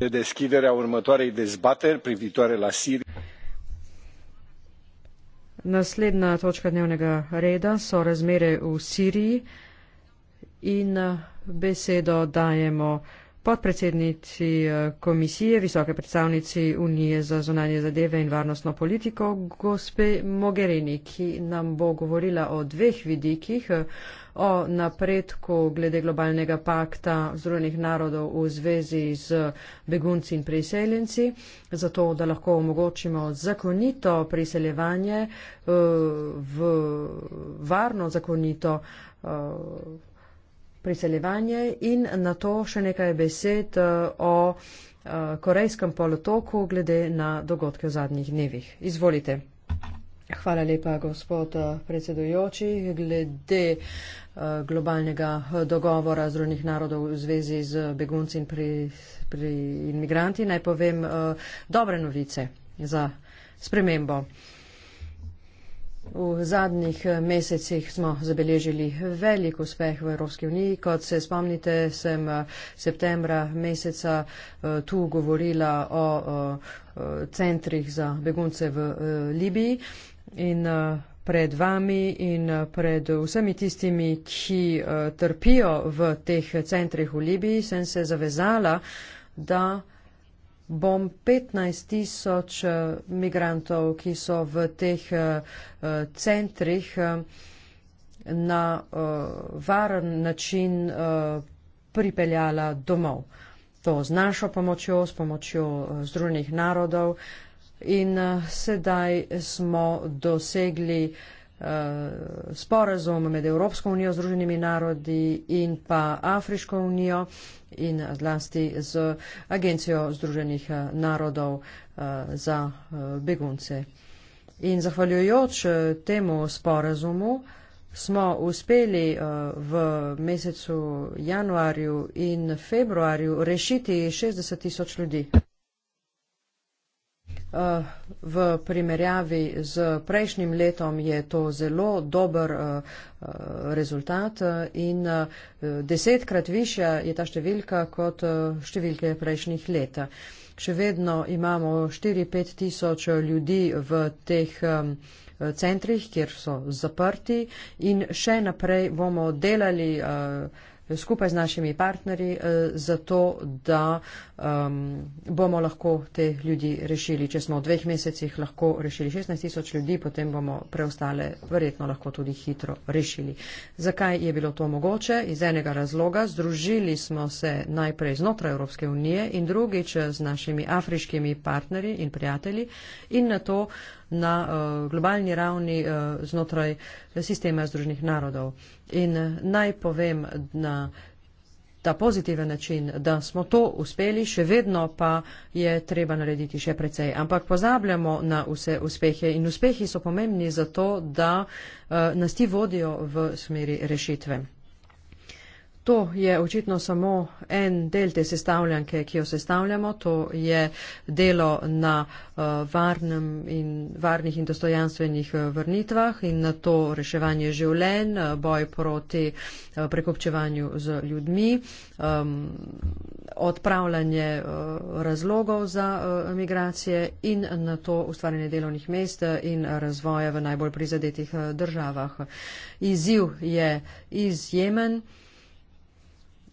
de deschidere a următoarei dezbateri privitoare la Siria. Naslednja točka dnevnega reda so razmere v Siriji in besedo dajemo podpredsednici eh, komisije, visoke predstavnici Unije za zonanje zadeve in varnostno politiko, gospe Mogherini, ki nam bo govorila o dveh vidikih, eh, o napredku glede globalnega pakta Združenih narodov v zvezi z begunci in priseljenci, zato da lahko omogočimo zakonito priseljevanje eh, v varno zakonito priseljevanje in na to še nekaj besed eh, o eh, Korejskem polotoku glede na dogodke v zadnjih dnevih. Izvolite. Hvala lepa, gospod eh, predsedujoči. Glede globalnega dogovora Združenih narodov v zvezi z begunci in pri, pri imigranti, naj povem dobre novice za spremembo. V zadnjih eh, mesecih smo zabeležili velik uspeh v Evropski uniji. Kot se spomnite, sem eh, septembra meseca eh, tu govorila o centrih za begunce v Libiji. In pred vami in pred vsemi tistimi, ki trpijo v teh centrih v Libiji, sem se zavezala, da bom 15 tisoč eh, migrantov, ki so v teh eh, eh, centrih na varen način pripeljala domov. To z našo pomočjo, s pomočjo Združenih narodov in sedaj smo dosegli Eh, sporazum med Evropsko unijo, Združenimi narodi in pa Afriško unijo in zlasti z Agencijo Združenih eh, narodov eh, za begunce. In zahvaljujoč temu sporazumu smo uspeli v mesecu januarju in februarju rešiti 60 tisoč ljudi. Eh, v primerjavi z prejšnjim letom je to zelo dober eh, eh, rezultat in desetkrat višja je ta številka kot številke prejšnjih let. Še vedno imamo 4-5 tisoč ljudi v teh centrih, kjer so zaprti in še naprej bomo delali skupaj z našimi partnerji, eh, zato da um, bomo lahko te ljudi rešili. Če smo v dveh mesecih lahko rešili 16 tisoč ljudi, potem bomo preostale verjetno lahko tudi hitro rešili. Zakaj je bilo to mogoče? Iz enega razloga. Združili smo se najprej znotraj Evropske unije in drugič eh, z našimi afriškimi partnerji in prijatelji in na to uh, na eh, globalni ravni eh, znotraj sistema Združenih narodov. In eh, naj povem na ta pozitiven način, da smo to uspeli, še vedno pa je treba narediti še precej. Ampak pozabljamo na vse uspehe in uspehi so pomembni zato, da nas ti vodijo v smeri rešitve. To je očitno samo en del te sestavljanke, ki jo sestavljamo. To je delo na eh, varnem in varnih in dostojanstvenih eh, vrnitvah in na to reševanje življenj, eh, boj proti prekopčevanju z ljudmi, ehm, odpravljanje razlogov za migracije in na to ustvarjanje delovnih mest in razvoja v najbolj prizadetih državah. Izziv je izjemen.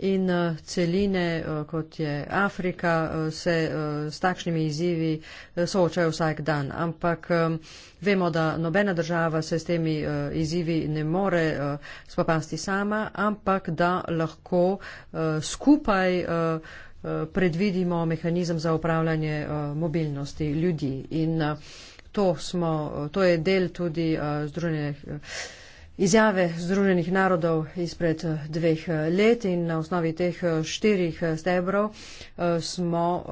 In eh, celine, eh, kot je Afrika, eh, se s takšnimi izzivi soočajo vsak dan. Ampak vemo, da nobena država se s temi izzivi ne more spopasti sama, ampak da lahko skupaj predvidimo mehanizem za upravljanje mobilnosti ljudi. In to, smo, to je del tudi združenih izjave Združenih narodov izpred eh, dveh eh, let in na osnovi teh eh, štirih stebrov smo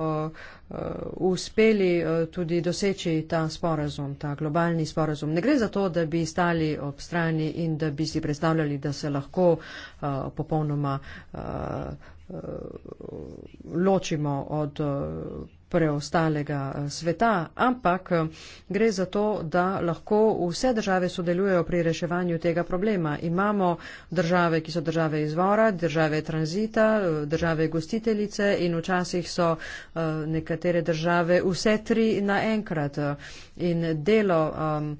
uspeli tudi doseči ta sporazum, ta globalni sporazum. Ne gre za to, da bi stali ob strani in da bi si predstavljali, da se lahko popolnoma ločimo od preostalega eh, sveta, ampak eh, gre za to, da lahko vse države sodelujejo pri reševanju tega problema. Imamo države, ki so države izvora, države tranzita, eh, države gostiteljice in včasih so nekatere države vse tri naenkrat. In delo um,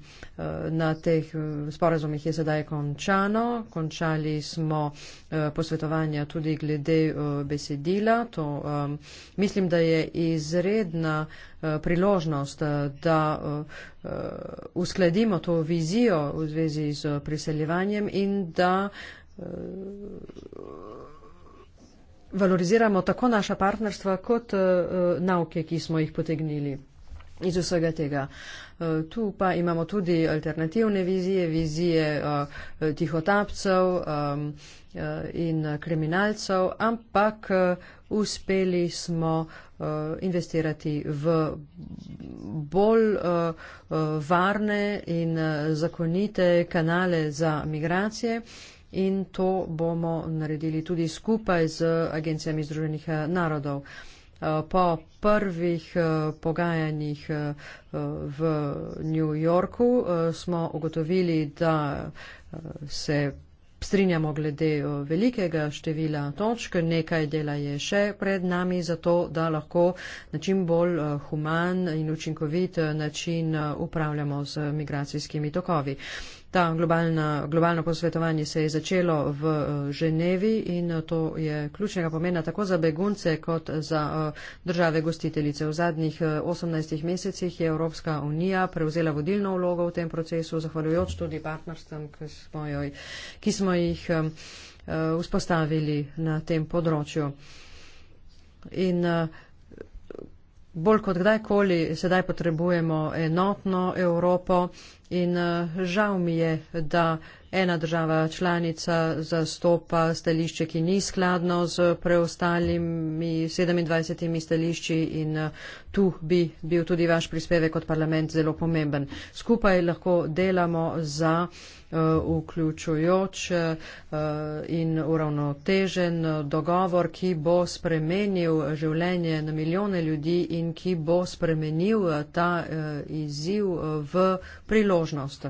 na teh sporazumih je sedaj končano. Končali smo uh, posvetovanja tudi glede uh, besedila. To, um, mislim, da je izredno izredna eh, priložnost, eh, da eh, uskladimo to vizijo v zvezi z priseljevanjem in da valoriziramo tako naša partnerstva kot nauke, ki smo jih potegnili iz vsega tega. Eh, tu pa imamo tudi alternativne vizije, vizije eh, tihotapcev eh, in kriminalcev, ampak uspeli smo investirati v bolj varne in zakonite kanale za migracije. In to bomo naredili tudi skupaj z agencijami Združenih narodov. Uh, po prvih eh, pogajanjih eh, v New Yorku eh, smo ugotovili, da se strinjamo glede velikega števila točk, nekaj dela je še pred nami, zato da lahko na čim bolj human in učinkovit način upravljamo z migracijskimi tokovi. Ta globalna, globalno posvetovanje se je začelo v eh, Ženevi in eh, to je ključnega pomena tako za begunce kot za eh, države gostiteljice. V zadnjih 18 mesecih je Evropska unija prevzela vodilno vlogo v tem procesu, zahvaljujoč tudi partnerstvom, ki smo, joj, ki smo jih vzpostavili na tem področju. In bolj kot kdajkoli sedaj potrebujemo enotno Evropo. In eh, žal mi je, da ena država članica zastopa stališče, ki ni skladno z preostalimi 27 stališči in eh, tu bi bil tudi vaš prispevek kot parlament zelo pomemben. Skupaj lahko delamo za eh, vključujoč in uravnotežen dogovor, ki bo spremenil življenje na milijone ljudi in ki bo spremenil ta izziv v priložnost priložnost.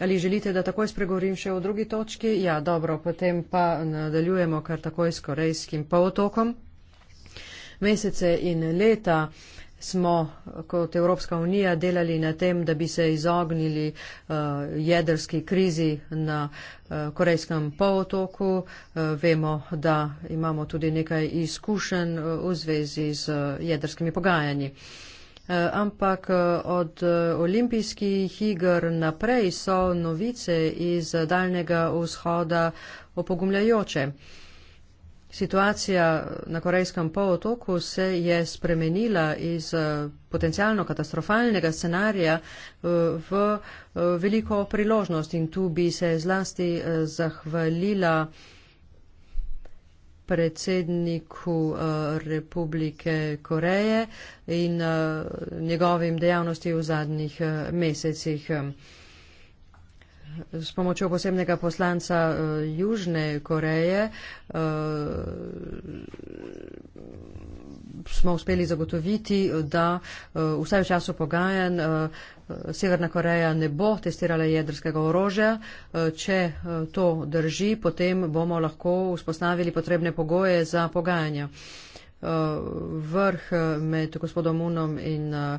Ali želite, da takoj spregovorim še o drugi točki? Ja, dobro, potem pa nadaljujemo kar takoj s Korejskim polotokom. Mesece in leta smo kot Evropska unija delali na tem, da bi se izognili uh, jedrski krizi na uh, Korejskem polotoku. Uh, vemo, da imamo tudi nekaj izkušenj uh, v zvezi z uh, jedrskimi pogajanji. Uh, Eh, ampak eh, od eh, olimpijskih igr naprej so novice iz daljnega vzhoda opogumljajoče. Situacija na Korejskem polotoku se je spremenila iz potencijalno katastrofalnega scenarija v veliko priložnost in tu bi se zlasti zahvalila predsedniku eh, Republike Koreje in eh, njegovim dejavnosti v zadnjih eh, mesecih s pomočjo posebnega poslanca uh, Južne Koreje uh, smo uspeli zagotoviti, da uh, vsaj v času pogajanj uh, Severna Koreja ne bo testirala jedrskega orožja. Uh, če uh, to drži, potem bomo lahko vzpostavili potrebne pogoje za pogajanja. Uh, Eh, vrh eh, med gospodom Unom in eh,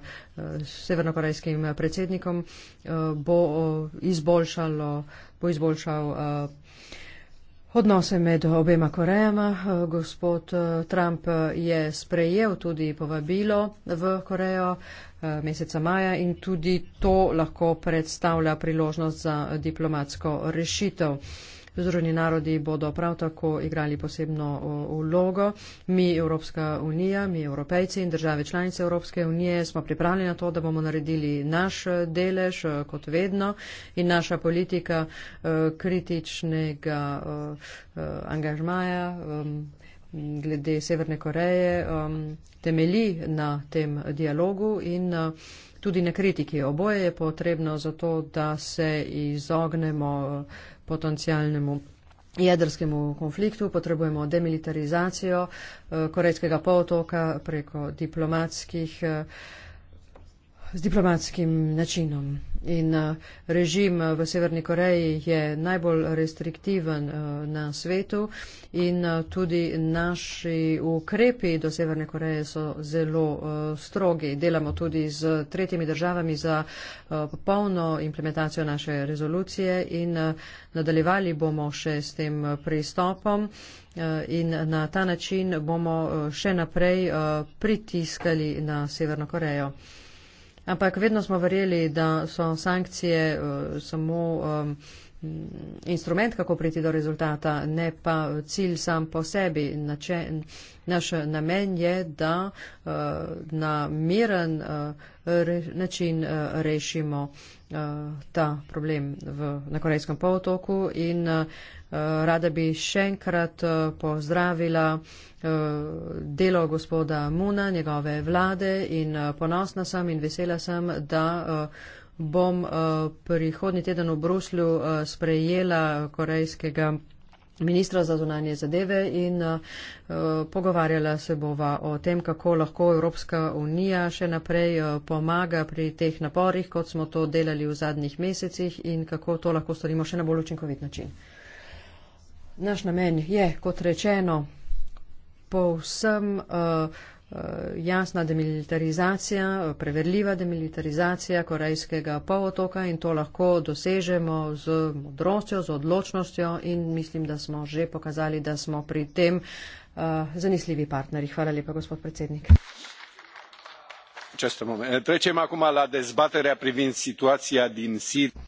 severnokorejskim predsednikom bo izboljšalo, bo izboljšal odnose med obema Korejama. Gospod Trump je sprejel tudi povabilo v Korejo meseca maja in tudi to lahko predstavlja priložnost za diplomatsko rešitev. Združeni narodi bodo prav tako igrali posebno vlogo. Mi, Evropska unija, mi, evropejci in države članice Evropske unije smo pripravljeni na to, da bomo naredili naš delež e, kot vedno in naša politika e, kritičnega e, angažmaja glede Severne Koreje temelji na tem dialogu in tudi na kritiki. Oboje je potrebno zato, da se izognemo potencijalnemu jedrskemu konfliktu, potrebujemo demilitarizacijo eh, Korejskega polotoka preko diplomatskih, eh, z diplomatskim načinom. In eh, režim eh, v Severni Koreji je najbolj restriktiven eh, na svetu in tudi naši ukrepi do Severne Koreje so zelo strogi. Delamo tudi z tretjimi državami za popolno implementacijo naše rezolucije in nadaljevali bomo še s tem pristopom. In na ta način bomo še naprej pritiskali na Severno Korejo. Ampak vedno smo verjeli, da so sankcije uh, samo um, instrument, kako priti do rezultata, ne pa cilj sam po sebi. Nače, naš namen je, da uh, na miren uh, re, način uh, rešimo uh, ta problem v, na Korejskem polotoku in uh, Rada bi še enkrat pozdravila delo gospoda Muna, njegove vlade in ponosna sem in vesela sem, da bom eh, prihodni teden v Bruslju eh, sprejela korejskega ministra za zunanje zadeve in uh, pogovarjala se bova o tem, kako lahko Evropska unija še naprej uh, pomaga pri teh naporih, kot smo to delali v zadnjih mesecih in kako to lahko storimo še na bolj učinkovit način. Naš namen je, kot rečeno, povsem uh, Eh, jasna demilitarizacija, preverljiva demilitarizacija Korejskega polotoka in to lahko dosežemo z modrostjo, z odločnostjo in mislim, da smo že pokazali, da smo pri tem eh, zanesljivi partneri. Hvala lepa, gospod predsednik. Eh, trecem acum la dezbaterea privind situația din Siria.